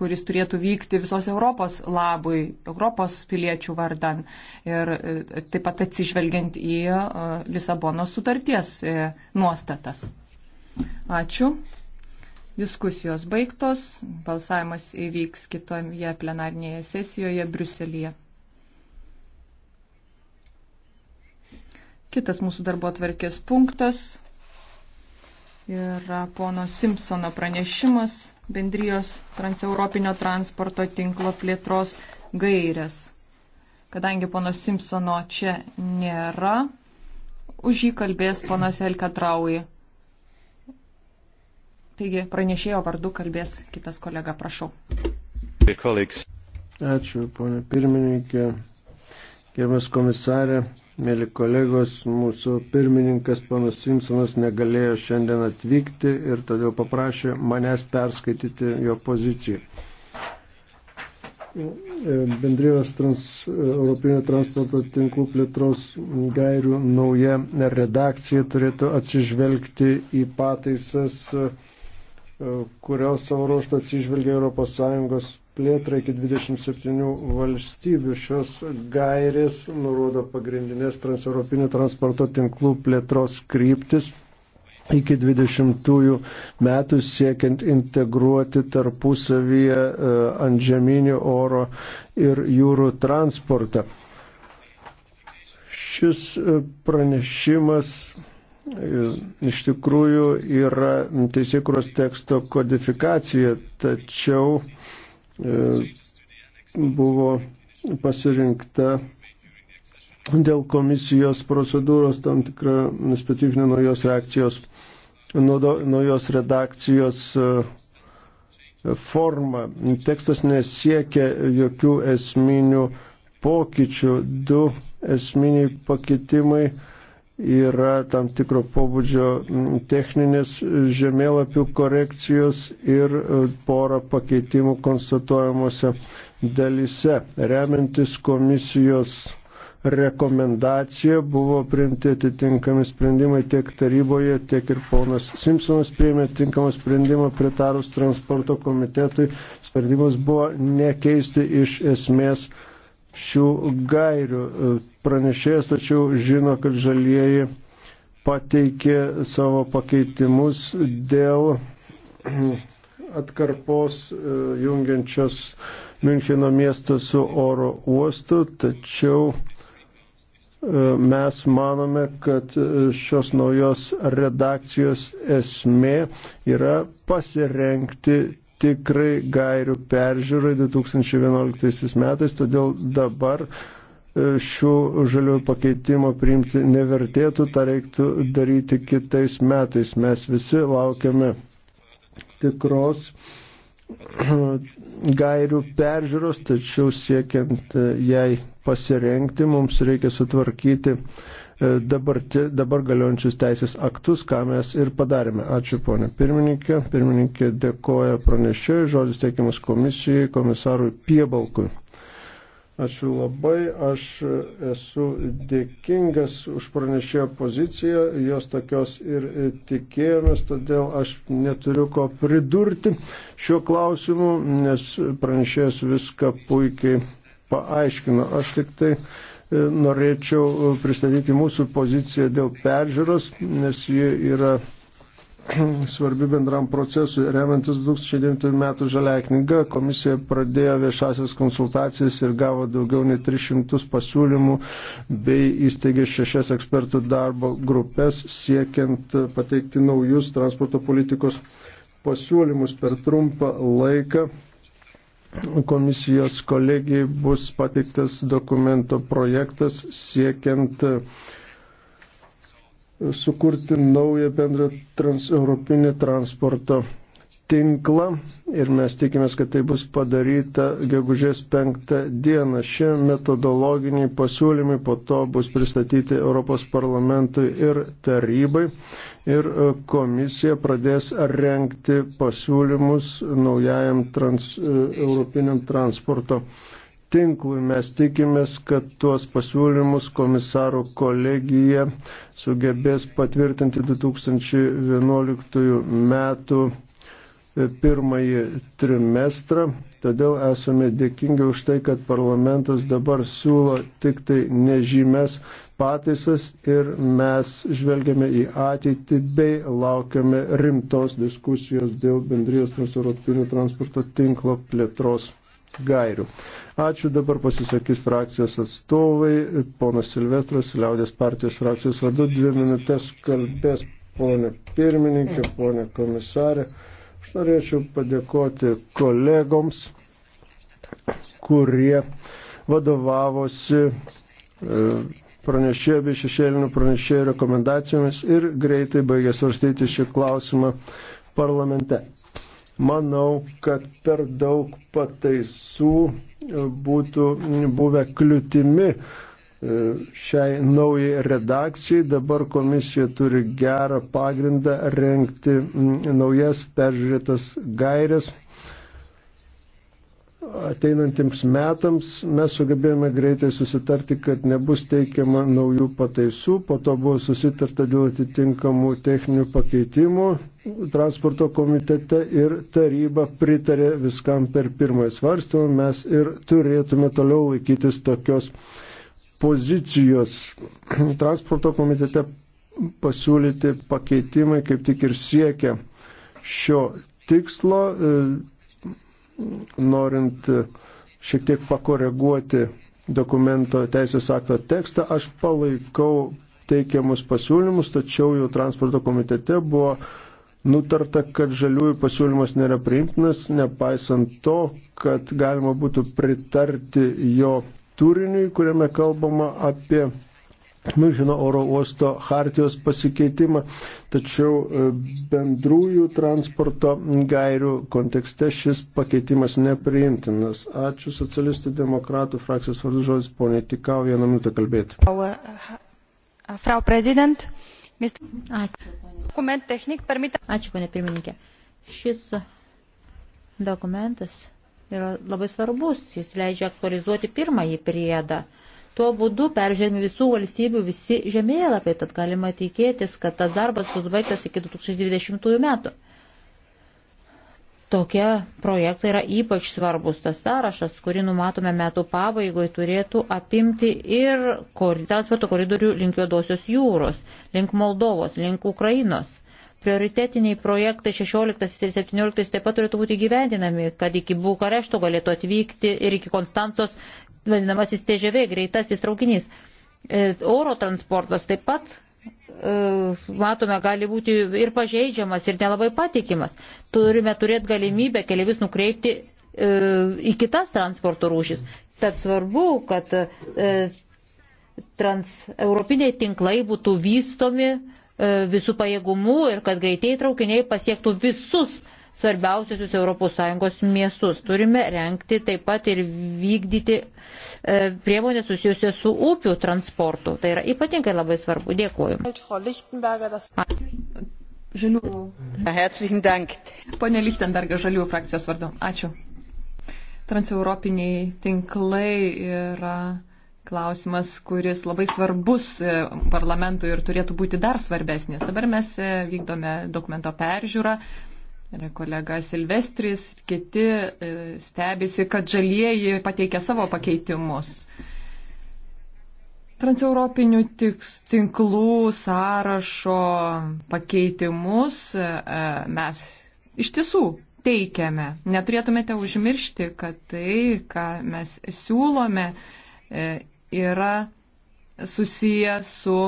kuris turėtų vykti visos Europos labui, Europos piliečių vardan ir e, taip pat atsižvelgiant į e, Lisabonos sutarties e, nuostatas. Ačiū. Diskusijos baigtos. Balsavimas įvyks kitoje plenarnėje sesijoje Bruselėje. Kitas mūsų darbo atvarkės punktas yra pono Simpsono pranešimas bendrijos transeuropinio transporto tinklo plėtros gairias. Kadangi pono Simpsono čia nėra, už jį kalbės ponas Elka Trauji. Taigi pranešėjo vardu kalbės kitas kolega, prašau. Ačiū, ponė pirmininkė, gerbiamas komisarė. Mėly kolegos, mūsų pirmininkas panas Simpsonas negalėjo šiandien atvykti ir todėl paprašė manęs perskaityti jo poziciją. Bendrijos trans, Europinio transporto tinklų plėtros gairių nauja redakcija turėtų atsižvelgti į pataisas kurios savo ruoštą atsižvelgia ES plėtrą iki 27 valstybių. Šios gairės nurodo pagrindinės transeuropinio transporto tinklų plėtros kryptis iki 20 metų siekiant integruoti tarpusavyje e, ant žeminių oro ir jūrų transportą. Šis e, pranešimas e, iš tikrųjų yra teisėkuros teksto kodifikacija, tačiau E, buvo pasirinkta dėl komisijos procedūros tam tikra specifinė naujos reakcijos, naujos redakcijos e, forma. Tekstas nesiekia jokių esminių pokyčių. Du esminiai pakitimai yra tam tikro pobūdžio techninės žemėlapių korekcijos ir e, pora pakeitimų konstatuojamuose dalyse. Remiantis komisijos rekomendacija buvo priimti atitinkami sprendimai tiek taryboje, tiek ir ponas Simpsonas priėmė atitinkamą sprendimą pritarus transporto komitetui. Sprendimas buvo nekeisti iš esmės šių gairių e, pranešėjas, tačiau žino, kad žalieji pateikė savo pakeitimus dėl atkarpos e, jungiančios Müncheno miestą su oro uostu, tačiau e, mes manome, kad šios naujos redakcijos esmė yra pasirenkti tikrai gairių peržiūrai 2011 metais, todėl dabar e, šių žaliųjų pakeitimo priimti nevertėtų, tą reiktų daryti kitais metais. Mes visi laukiame tikros gairių peržiūros, tačiau siekiant e, jai pasirengti, mums reikia sutvarkyti E, dabar, dabar galiojančius teisės aktus, ką mes ir padarėme. Ačiū ponė pirmininkė. Pirmininkė dėkoja pranešėjui, žodis teikiamas komisijai, komisarui Piebalkui. Ačiū labai, aš esu dėkingas už pranešėjo poziciją, jos tokios ir tikėjomės, todėl aš neturiu ko pridurti šiuo klausimu, nes pranešėjas viską puikiai paaiškino. Aš tik tai uh, norėčiau e, pristatyti mūsų poziciją dėl peržiūros, nes ji yra svarbi bendram procesui. Remiantis 2009 metų žalia knyga, komisija pradėjo viešasias konsultacijas ir gavo daugiau nei 300 pasiūlymų bei įsteigė šešias ekspertų darbo grupės siekiant pateikti naujus transporto politikos pasiūlymus per trumpą laiką komisijos kolegijai bus pateiktas dokumento projektas siekiant e, sukurti naują bendrą transeuropinį transporto tinklą ir mes tikimės, kad tai bus padaryta gegužės penktą dieną. Šie metodologiniai pasiūlymai po to bus pristatyti Europos parlamentui ir tarybai ir e, komisija pradės renkti pasiūlymus naujajam trans, e, europiniam transporto tinklui. Mes tikimės, kad tuos pasiūlymus komisaro kolegija sugebės patvirtinti 2011 metų e, pirmąjį trimestrą. Todėl esame dėkingi už tai, kad parlamentas dabar siūlo tik tai nežymės pataisas ir mes žvelgiame į ateitį bei laukiame rimtos diskusijos dėl bendrijos transeuropinių transporto tinklo plėtros gairių. Ačiū, dabar pasisakys frakcijos atstovai. Ponas Silvestras, Liaudės partijos frakcijos vadu, dvi minutės kalbės ponė pirmininkė, ponė komisarė. Aš norėčiau padėkoti kolegoms, kurie vadovavosi e, pranešėjo bei šešėlinių pranešėjų rekomendacijomis ir greitai baigė svarstyti šį klausimą parlamente. Manau, kad per daug pataisų e, būtų buvę kliūtimi e, šiai naujai redakcijai. Dabar komisija turi gerą pagrindą renkti naujas peržiūrėtas gairias ateinantiems metams mes sugebėjome greitai susitarti, kad nebus teikiama naujų pataisų, po to buvo susitarta dėl atitinkamų techninių pakeitimų transporto komitete ir taryba pritarė viskam per pirmąjį svarstymą, mes ir turėtume toliau laikytis tokios pozicijos. Transporto komitete pasiūlyti pakeitimai kaip tik ir siekia šio tikslo norint e, šiek tiek pakoreguoti dokumento teisės akto tekstą, aš palaikau teikiamus pasiūlymus, tačiau jau transporto komitete buvo nutarta, kad žaliųjų pasiūlymas nėra priimtinas, nepaisant to, kad galima būtų pritarti jo turiniui, kuriame kalbama apie Miuncheno oro uosto hartijos pasikeitimą, tačiau e, bendrųjų transporto gairių kontekste šis pakeitimas nepriimtinas. Ačiū socialistų demokratų frakcijos vardu žodis, ponė Tikau, vieną minutę kalbėti. Frau e, prezident, dokument technik, permite. Ačiū, ponė pirmininkė. Šis dokumentas yra labai svarbus, jis leidžia aktualizuoti pirmąjį priedą Tuo būdu peržiūrėdami visų valstybių visi žemėlapiai, tad galima tikėtis, kad tas darbas bus baigtas iki 2020 metų. Tokie projektai yra ypač svarbus. Tas sąrašas, kurį numatome metų pabaigoje, turėtų apimti ir transporto koridorių link Juodosios jūros, link Moldovos, link Ukrainos prioritetiniai projektai 16 ir 17 taip pat turėtų būti gyvendinami, kad iki Bukarešto galėtų atvykti ir iki Konstantos vadinamasis TŽV, greitasis traukinys. E, oro transportas taip pat, e, matome, gali būti ir pažeidžiamas, ir nelabai patikimas. Turime turėti galimybę keliavis nukreipti e, į kitas transporto rūšis. Tad svarbu, kad transeuropiniai tinklai būtų vystomi visų pajėgumų ir kad greitieji traukiniai pasiektų visus svarbiausius ES miestus. Turime renkti taip pat ir vykdyti e, priemonės susijusios su upių transportu. Tai yra ypatingai labai svarbu. Dėkuoju. Žalių. Pone Lichtenberger, žalių frakcijos vardu. Ačiū. Transeuropiniai tinklai yra klausimas, kuris labai svarbus e, parlamentui ir turėtų būti dar svarbesnis. Dabar mes e, vykdome dokumento peržiūrą, Ir kolega Silvestris ir kiti e, stebisi, kad žalieji pateikia savo pakeitimus. Transeuropinių tinklų sąrašo pakeitimus e, mes iš tiesų teikiame. Neturėtumėte užmiršti, kad tai, ką mes siūlome, e, yra susiję su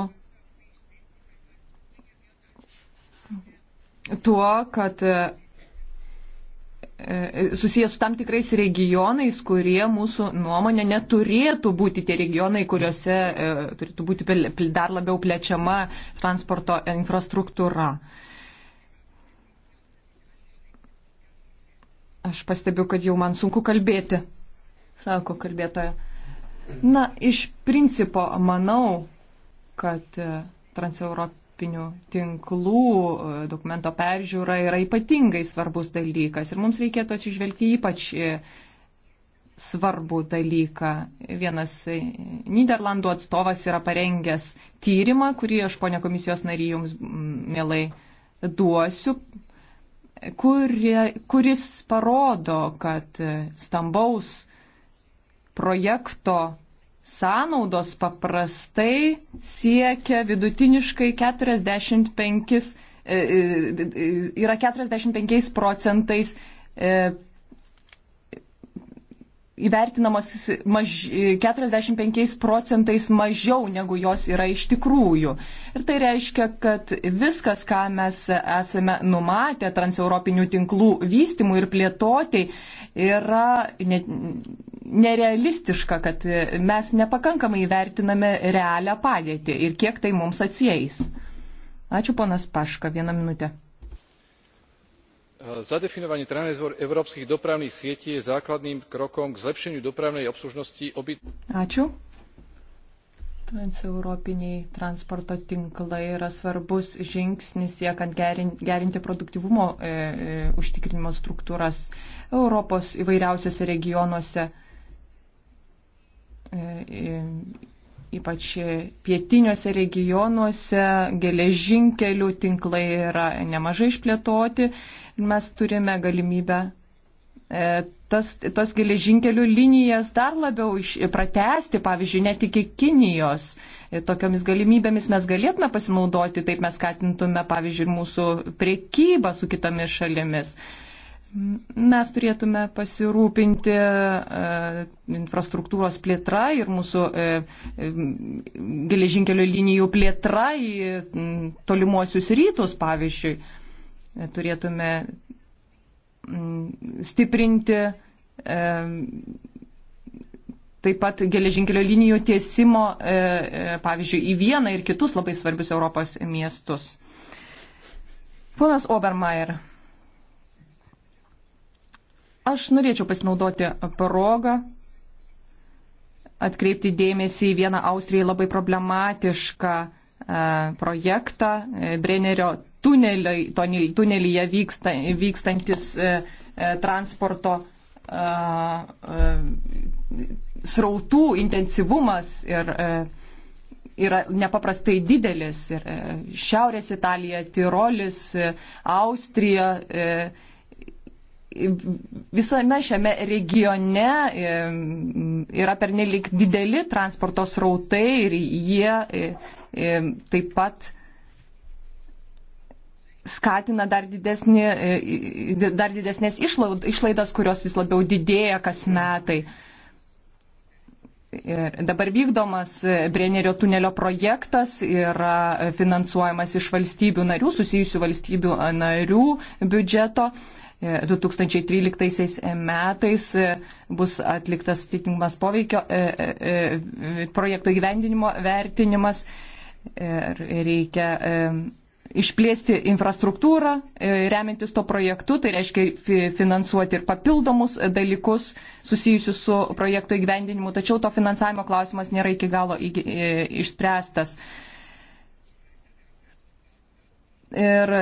tuo, kad e, e, susijęs su tam tikrais regionais, kurie mūsų nuomonė neturėtų būti tie regionai, kuriuose e, turėtų būti dar labiau plečiama transporto infrastruktūra. Aš pastebiu, kad jau man sunku kalbėti, sako kalbėtoja. Na, iš principo manau, kad transeuropė europinių tinklų e, dokumento peržiūra yra ypatingai svarbus dalykas ir mums reikėtų atsižvelgti ypač svarbų dalyką. Vienas e, Niderlandų atstovas yra parengęs tyrimą, kurį aš, ponia komisijos nariai, jums mielai duosiu, kurie, kuris parodo, kad e, stambaus projekto sąnaudos paprastai siekia vidutiniškai 45, e, e, e, yra 45 procentais įvertinamos maž, 45 procentais mažiau, negu jos yra iš tikrųjų. Ir tai reiškia, kad viskas, ką mes esame numatę transeuropinių tinklų vystimui ir plėtotei, yra ne, nerealistiška, kad mes nepakankamai įvertiname realią padėtį ir kiek tai mums atsieis. Ačiū ponas Paška, vieną minutę. E, zadefinovanie transeurópskych dopravných sietí je základným krokom k zlepšeniu dopravnej obslužnosti obi... Ačiū. Transeuropiniai transporto tinklai yra svarbus žingsnis siekiant gerinti produktivumo e, e, užtikrinimo struktūras Europos įvairiausiose regionuose. E, e, ypač pietiniuose regionuose geležinkelių tinklai yra nemažai išplėtoti ir mes turime galimybę e, tas, tas geležinkelių linijas dar labiau iš, pratesti, pavyzdžiui, net iki Kinijos. E, tokiomis galimybėmis mes galėtume pasinaudoti, taip mes skatintume, pavyzdžiui, mūsų priekybą su kitomis šalimis. Uh, mes turėtume pasirūpinti e, infrastruktūros plėtra ir mūsų e, e, geležinkelio linijų plėtra į tolimuosius rytus, pavyzdžiui. Turėtume stiprinti taip pat geležinkelio linijų tiesimo, pavyzdžiui, į vieną ir kitus labai svarbius Europos miestus. Ponas Obermeier. Aš norėčiau pasinaudoti progą atkreipti dėmesį į vieną Austrijai labai problematišką e, projektą e, Brenerio tunelį, tunelyje vyksta, vykstantis e, transporto srautų intensyvumas ir yra nepaprastai didelis. Ir Šiaurės Italija, Tirolis, Austrija visame šiame regione yra pernelik dideli transporto srautai ir jie taip pat skatina dar, didesnį, e, dar didesnės išlaidas, kurios vis labiau didėja kas metai. Ir dabar vykdomas e, Brenerio tunelio projektas yra finansuojamas iš valstybių narių, susijusių valstybių e, narių biudžeto. 2013 e, metais e, bus atliktas atitinkamas poveikio e, projekto gyvendinimo vertinimas ir reikia išplėsti infrastruktūrą, remiantis to projektu, tai reiškia finansuoti ir papildomus dalykus susijusius su projekto įgyvendinimu, tačiau to finansavimo klausimas nėra iki galo išspręstas. Ir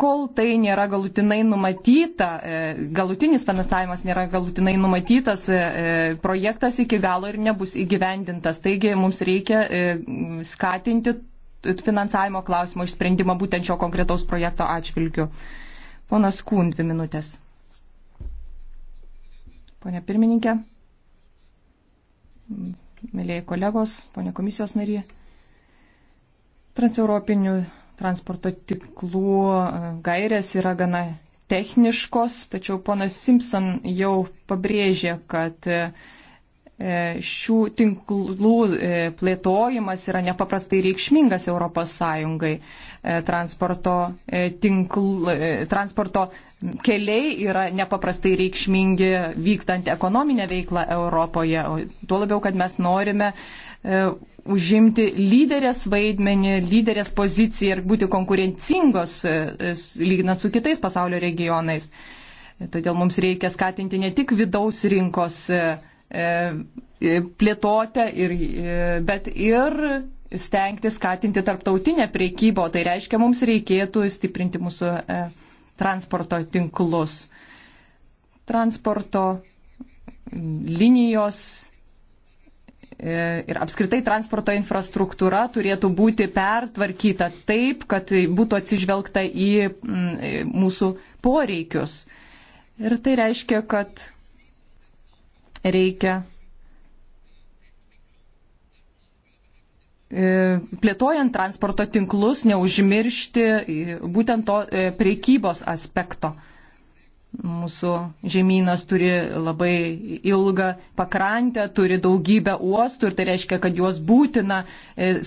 kol tai nėra galutinai numatyta, e, galutinis finansavimas nėra galutinai numatytas, e, e, projektas iki galo ir nebus įgyvendintas. Taigi mums reikia skatinti finansavimo klausimo išsprendimą būtent šio konkretaus projekto atžvilgiu. Ponas Kūn, dvi minutės. Pone pirmininkė, mėlyi kolegos, pone komisijos narė, transeuropinių transporto tiklų e, gairės yra gana techniškos, tačiau ponas Simpson jau pabrėžė, kad e, E, šių tinklų e, plėtojimas yra nepaprastai reikšmingas ES e, transporto, tinkl, transporto keliai yra nepaprastai reikšmingi vykstant ekonominę veiklą Europoje. Tuo labiau, kad mes norime užimti lyderės vaidmenį, lyderės poziciją ir būti konkurencingos lyginant su kitais pasaulio regionais. Todėl mums reikia skatinti ne tik vidaus rinkos E, e, plėtotę, ir, e, bet ir stengti skatinti tarptautinę priekybą. Tai reiškia, mums reikėtų stiprinti mūsų transporto tinklus. Transporto linijos ir apskritai transporto infrastruktūra turėtų būti pertvarkyta taip, kad būtų atsižvelgta į mūsų poreikius. Ir tai reiškia, kad reikia e, plėtojant transporto tinklus neužmiršti e, būtent to e, priekybos aspekto. Mūsų žemynas turi labai ilgą pakrantę, turi daugybę uostų ir tai reiškia, kad juos būtina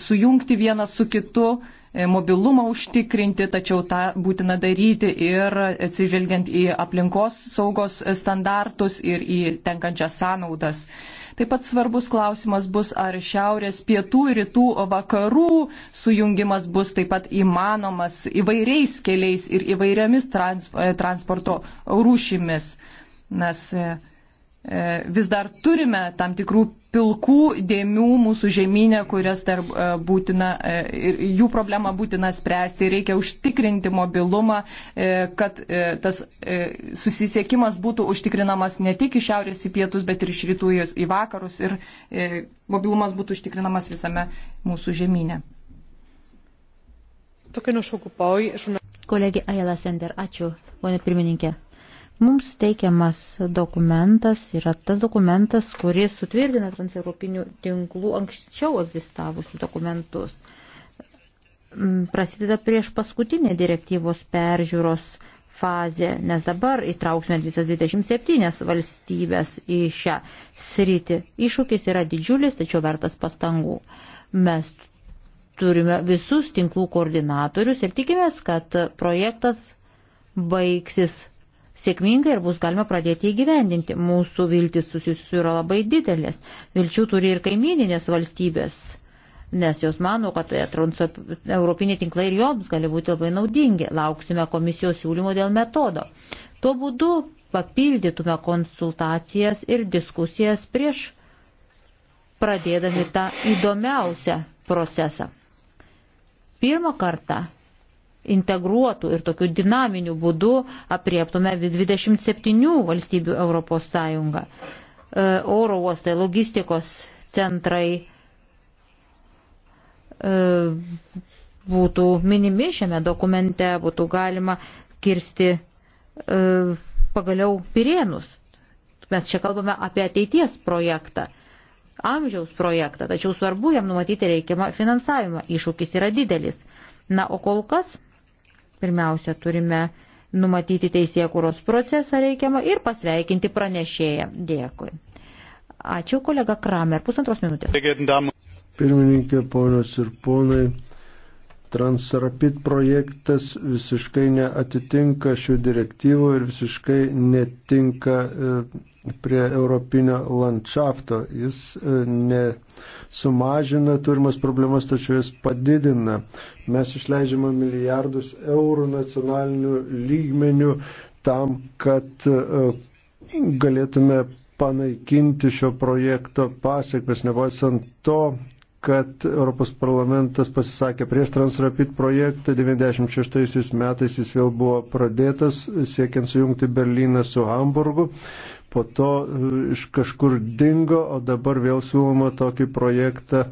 sujungti vienas su kitu E, mobilumą užtikrinti, tačiau tą būtina daryti ir atsižvelgiant į aplinkos saugos standartus ir į tenkančias sąnaudas. Taip pat svarbus klausimas bus, ar šiaurės pietų ir rytų vakarų sujungimas bus taip pat įmanomas įvairiais keliais ir įvairiomis trans, e, transporto rūšimis. Mes e, vis dar turime tam tikrų pilkų dėmių mūsų žemynė, kurias dar e, būtina, e, jų problemą būtina spręsti. Reikia užtikrinti mobilumą, e, kad tas susisiekimas būtų užtikrinamas ne tik iš šiaurės į pietus, bet ir iš rytų į vakarus ir mobilumas būtų užtikrinamas visame mūsų žemynė. Kolegė Ajala Sender, ačiū, ponė pirmininkė. Mums teikiamas dokumentas yra tas dokumentas, kuris sutvirtina transeuropinių tinklų anksčiau egzistavusių dokumentus. Mm, prasideda prieš paskutinę direktyvos peržiūros fazė, nes dabar įtrauksime visas 27 valstybės į šią sritį. Iššūkis yra didžiulis, tačiau vertas pastangų. Mes turime visus tinklų koordinatorius ir tikimės, kad projektas baigsis sėkmingai ir bus galima pradėti įgyvendinti. Mūsų viltis susijusių yra labai didelės. Vilčių turi ir kaimininės valstybės, nes jos mano, kad europiniai tinklai ir joms gali būti labai naudingi. Lauksime komisijos siūlymo dėl metodo. Tuo būdu papildytume konsultacijas ir diskusijas prieš pradėdami tą įdomiausią procesą. Pirmą kartą integruotų ir tokiu dinaminiu būdu apriektume 27 valstybių Europos Sąjungą. E, oro uostai, logistikos centrai e, būtų minimi šiame dokumente, būtų galima kirsti e, pagaliau pirienus. Mes čia kalbame apie ateities projektą, amžiaus projektą, tačiau svarbu jam numatyti reikiamą finansavimą. Iššūkis yra didelis. Na, o kol kas Pirmiausia, turime numatyti teisėkūros procesą reikiamą ir pasveikinti pranešėją. Dėkui. Ačiū kolega Kramer, pusantros minutės. Pirmininkė, ponios ir ponai, Transrapid projektas visiškai neatitinka šių direktyvų ir visiškai netinka. E, prie europinio landšafto. Jis e, nesumažina turimas problemas, tačiau jis padidina. Mes išleidžiame milijardus eurų nacionalinių lygmenių tam, kad e, galėtume panaikinti šio projekto pasiekmes, nepaisant to, kad Europos parlamentas pasisakė prieš Transrapid projektą, 96 metais jis vėl buvo pradėtas, siekiant sujungti Berliną su Hamburgu po to e, iš kažkur dingo, o dabar vėl siūloma tokį projektą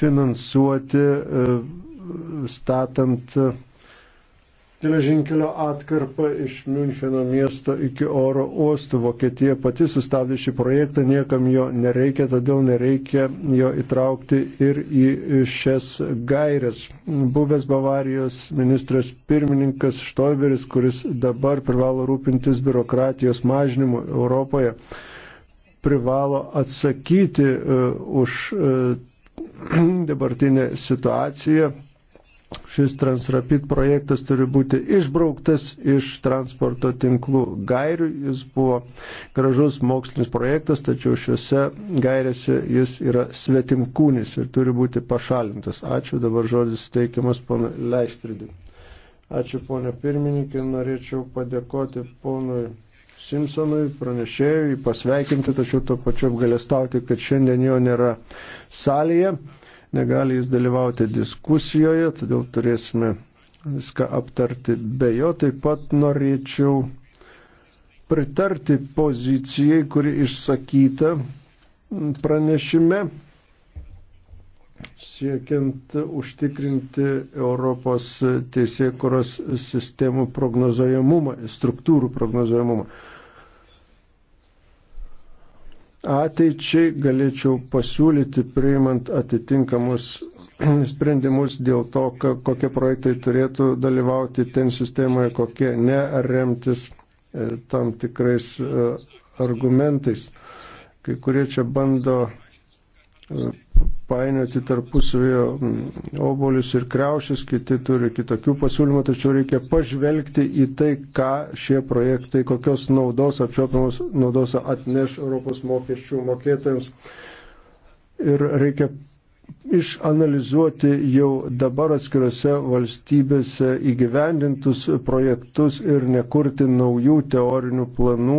finansuoti, e, statant e, geležinkelio atkarpą iš Müncheno miesto iki oro uostų. Vokietija pati sustabdė šį projektą, niekam jo nereikia, todėl nereikia jo įtraukti ir į šias gairias. Buvęs Bavarijos ministras pirmininkas Štoiberis, kuris dabar privalo rūpintis biurokratijos mažinimu Europoje, privalo atsakyti uh, už uh, dabartinę situaciją šis Transrapid projektas turi būti išbrauktas iš transporto tinklų gairių. Jis buvo gražus mokslinis projektas, tačiau šiuose gairėse jis yra svetimkūnis ir turi būti pašalintas. Ačiū, dabar žodis teikiamas ponui Leistridui. Ačiū, ponė pirmininkė, norėčiau padėkoti ponui. Simpsonui pranešėjui pasveikinti, tačiau to pačiu apgalėstauti, kad šiandien jo nėra salėje negali jis dalyvauti diskusijoje, todėl turėsime viską aptarti be jo. Taip pat norėčiau pritarti pozicijai, kuri išsakyta pranešime, siekiant užtikrinti Europos teisėkuros sistemų prognozojamumą, struktūrų prognozojamumą ateičiai galėčiau pasiūlyti, priimant atitinkamus sprendimus dėl to, kokie projektai turėtų dalyvauti ten sistemoje, kokie ne, ar remtis e, tam tikrais e, argumentais. Kai kurie čia bando e, painioti tarpusavėje mm, obolius ir kreušis, kiti turi kitokių pasiūlymų, tačiau reikia pažvelgti į tai, ką šie projektai, kokios naudos apčiopiamos naudos atneš Europos mokesčių mokėtojams. Ir reikia išanalizuoti jau dabar atskirose valstybėse įgyvendintus projektus ir nekurti naujų teorinių planų,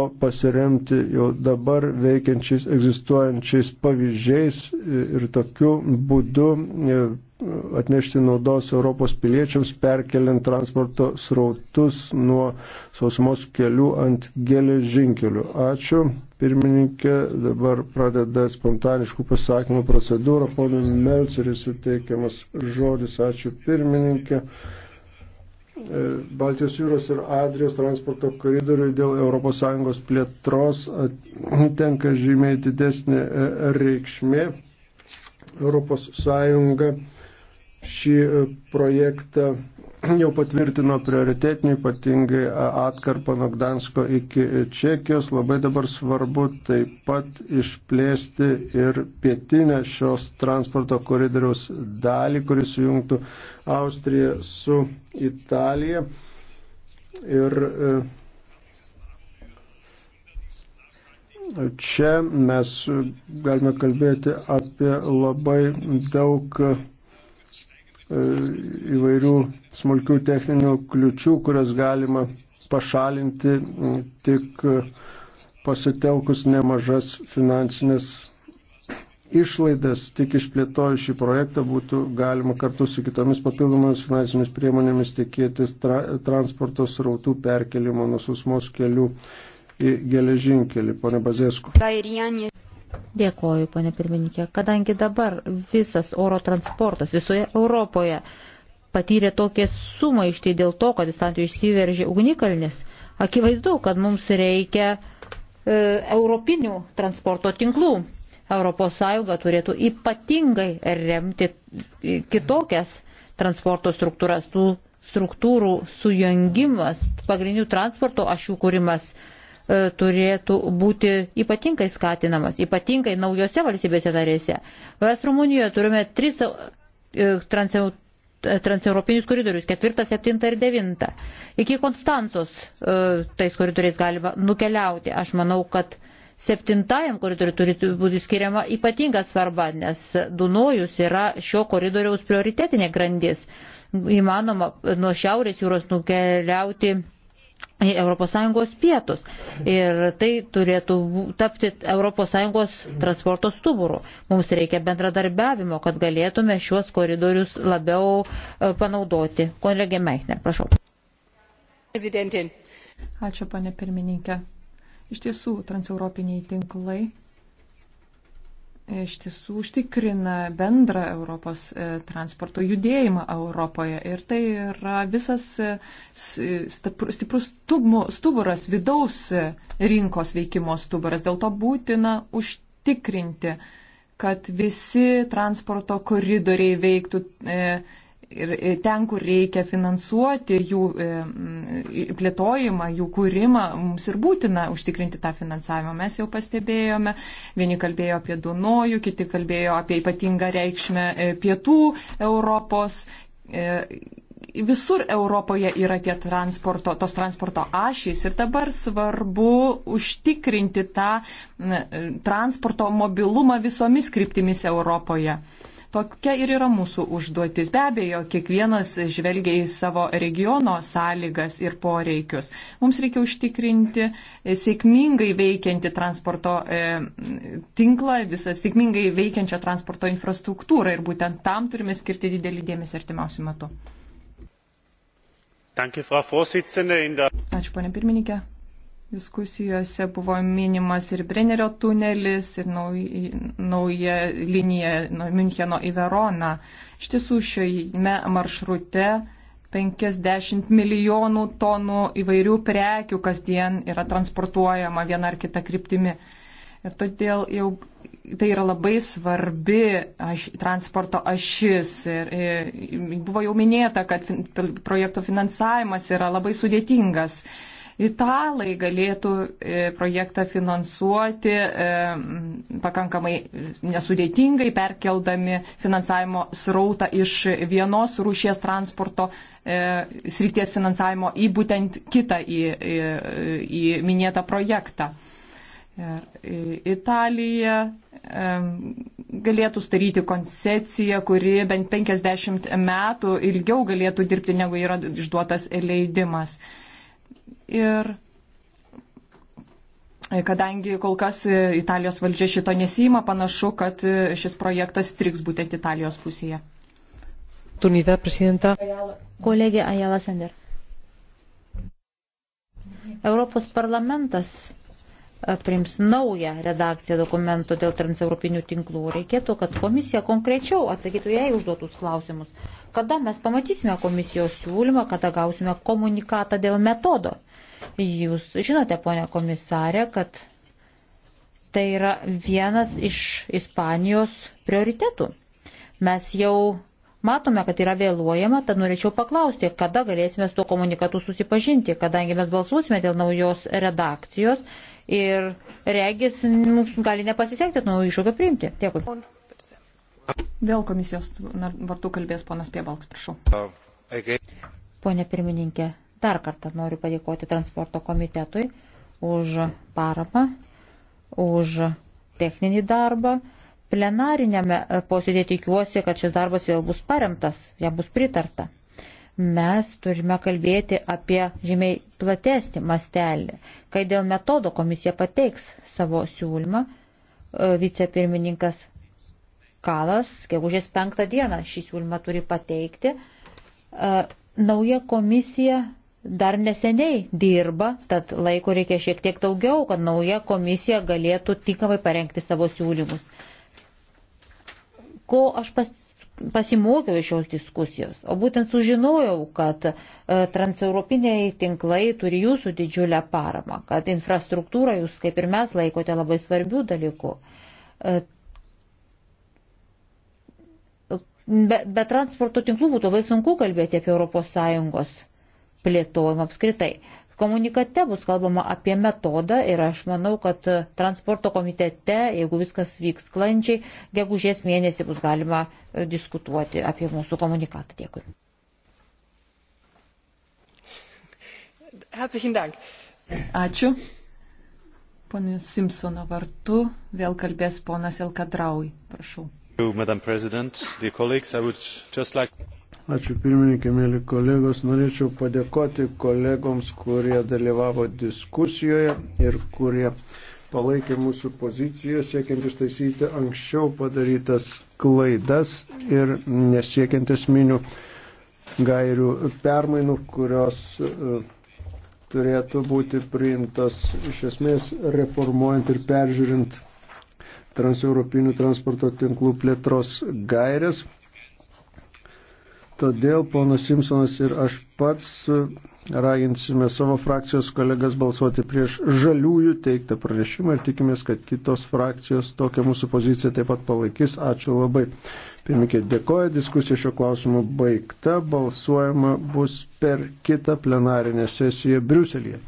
o pasiremti jau dabar veikiančiais egzistuojančiais pavyzdžiais ir tokiu būdu e, atnešti naudos Europos piliečiams, perkeliant transporto srautus nuo sausumos kelių ant geležinkelių. Ačiū. Pirmininkė dabar pradeda spontaniškų pasakymų procedūrą. Ponui Melceris suteikiamas žodis. Ačiū pirmininkė. E, Baltijos jūros ir Adrijos transporto koridoriui dėl ES plėtros tenka žymiai didesnė e, reikšmė. ES šį e, projektą jau patvirtino prioritetinių, ypatingai atkarpą nuo Gdansko iki Čekijos. Labai dabar svarbu taip pat išplėsti ir pietinę šios transporto koridoriaus dalį, kuris sujungtų Austriją su Italija. Ir e, čia mes galime kalbėti apie labai daug E, įvairių smulkių techninių kliučių, kurias galima pašalinti tik e, pasitelkus nemažas finansinės išlaidas, tik išplėtojus šį projektą būtų galima kartu su kitomis papildomomis finansinėmis priemonėmis tikėtis tra transporto srautų perkelimo nuo susmos kelių į geležinkelį. Pone Bazėsku. Dėkoju, ponė pirmininkė, kadangi dabar visas oro transportas visoje Europoje patyrė tokią sumaištį dėl to, kad įstatymų išsiveržė ugnikalnis, akivaizdu, kad mums reikia e, europinių transporto tinklų. ES turėtų ypatingai remti kitokias transporto struktūras, tų struktūrų sujungimas, pagrindinių transporto ašių kūrimas E, turėtų būti ypatingai skatinamas, ypatingai naujose valstybėse narėse. Mes Rumunijoje turime tris e, transeu, e, transeuropinius koridorius, ketvirtą, septintą ir devintą. Iki Konstancos tais koridoriais galima nukeliauti. Aš manau, kad septintajam koridoriui turi būti skiriama ypatinga svarba, nes Dunojus yra šio koridoriaus prioritetinė grandis. Įmanoma nuo Šiaurės jūros nukeliauti į ES pietus. Ir tai turėtų tapti ES transporto stuburu. Mums reikia bendradarbiavimo, kad galėtume šiuos koridorius labiau e, panaudoti. Kolegė Meichner, prašau. Prezidentin. Ačiū, pane pirmininkė. Iš tiesų, transeuropiniai tinklai iš tiesų užtikrina bendrą Europos e, transporto judėjimą Europoje. Ir tai yra visas e, stiprus stuburas, vidaus e, rinkos veikimo stuburas. Dėl to būtina užtikrinti, kad visi transporto koridoriai veiktų. E, ir ten, kur reikia finansuoti jų e, plėtojimą, jų kūrimą, mums ir būtina užtikrinti tą finansavimą. Mes jau pastebėjome, vieni kalbėjo apie Dunojų, kiti kalbėjo apie ypatingą reikšmę e, pietų Europos. E, visur Europoje yra tie transporto, tos transporto ašys ir dabar svarbu užtikrinti tą transporto mobilumą visomis kryptimis Europoje. Tokia ir yra mūsų užduotis. Be abejo, kiekvienas žvelgia į savo regiono sąlygas ir poreikius. Mums reikia užtikrinti sėkmingai veikianti transporto e, tinklą, visą sėkmingai veikiančią transporto infrastruktūrą ir būtent tam turime skirti didelį dėmesį artimiausių metų. Ačiū, ponė pirmininkė. Diskusijose buvo minimas ir Brennerio tunelis, ir nauja, nauja linija nuo Müncheno į Veroną. Iš tiesų šiame maršrute 50 milijonų tonų įvairių prekių kasdien yra transportuojama viena ar kita kryptimi. Ir todėl jau tai yra labai svarbi aš, transporto ašis. Ir, ir buvo jau minėta, kad fin, projekto finansavimas yra labai sudėtingas italai galėtų e, projektą finansuoti e, pakankamai nesudėtingai, perkeldami finansavimo srautą iš vienos rūšies transporto e, srities finansavimo į būtent kitą į, į, į minėtą projektą. Ir Italija galėtų staryti koncepciją, kuri bent 50 metų ilgiau galėtų dirbti, negu yra išduotas leidimas. Ir kadangi kol kas Italijos valdžia šito nesima, panašu, kad šis projektas striks būtent Italijos pusėje. Tunidad, prezidenta. Kolegė Ajala Sender. Europos parlamentas e, priims naują redakciją dokumento dėl transeuropinių tinklų. Reikėtų, kad komisija konkrečiau atsakytų jai užduotus klausimus. Kada mes pamatysime komisijos siūlymą, kada gausime komunikatą dėl metodo. Jūs žinote, ponia komisarė, kad tai yra vienas iš Ispanijos prioritetų. Mes jau matome, kad yra vėluojama, tad norėčiau paklausti, kada galėsime su tuo komunikatu susipažinti, kadangi mes balsuosime dėl naujos redakcijos ir regis mums gali nepasisekti naujų iššūkių priimti. Dėkui. Vėl komisijos vartų kalbės ponas Piebalks, prašau. Uh, Pone pirmininkė, Dar kartą noriu padėkoti transporto komitetui už paramą, už techninį darbą. Plenarinėme posėdėje tikiuosi, kad šis darbas vėl bus paremtas, jam bus pritarta. Mes turime kalbėti apie žymiai platesnį mastelį, kai dėl metodo komisija pateiks savo siūlymą. E, vicepirmininkas Kalas, gegužės penktą dieną šį siūlymą turi pateikti. E, nauja komisija dar neseniai dirba, tad laiko reikia šiek tiek daugiau, kad nauja komisija galėtų tinkamai parengti savo siūlymus. Ko aš pas, pasimokiau iš šios diskusijos, o būtent sužinojau, kad e, transeuropiniai tinklai turi jūsų didžiulę paramą, kad infrastruktūrą jūs, kaip ir mes, laikote labai svarbių dalykų. E, be, be transporto tinklų būtų labai sunku kalbėti apie ES plėtojimo apskritai. Komunikate bus kalbama apie metodą ir aš manau, kad transporto komitete, jeigu viskas vyks sklandžiai, gegužės mėnesį bus galima e, diskutuoti apie mūsų komunikatą. Dėkui. Ačiū. Pone Simpsono vartu vėl kalbės ponas Elkadraui. Prašau. Madam President, dear colleagues, I would just like Ačiū pirmininkė, mėly kolegos. Norėčiau padėkoti kolegoms, kurie dalyvavo diskusijoje ir kurie palaikė mūsų poziciją, siekiant ištaisyti anksčiau padarytas klaidas ir nesiekiant esminių gairių permainų, kurios e, turėtų būti priimtos iš esmės reformuojant ir peržiūrint transeuropinių transporto tinklų plėtros gairias. Todėl ponas Simpsonas ir aš pats e, raginsime savo frakcijos kolegas balsuoti prieš žaliųjų teiktą pranešimą ir tikimės, kad kitos frakcijos tokią mūsų poziciją taip pat palaikys. Ačiū labai. Pirmininkė dėkoja, diskusija šio klausimu baigta, balsuojama bus per kitą plenarinę sesiją Briuselėje.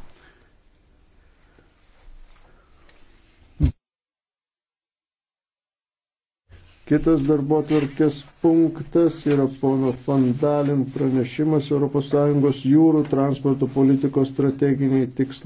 Kitas darbo tvarkės punktas yra pono Fandalin pranešimas ES jūrų transporto politikos strateginiai tikslai.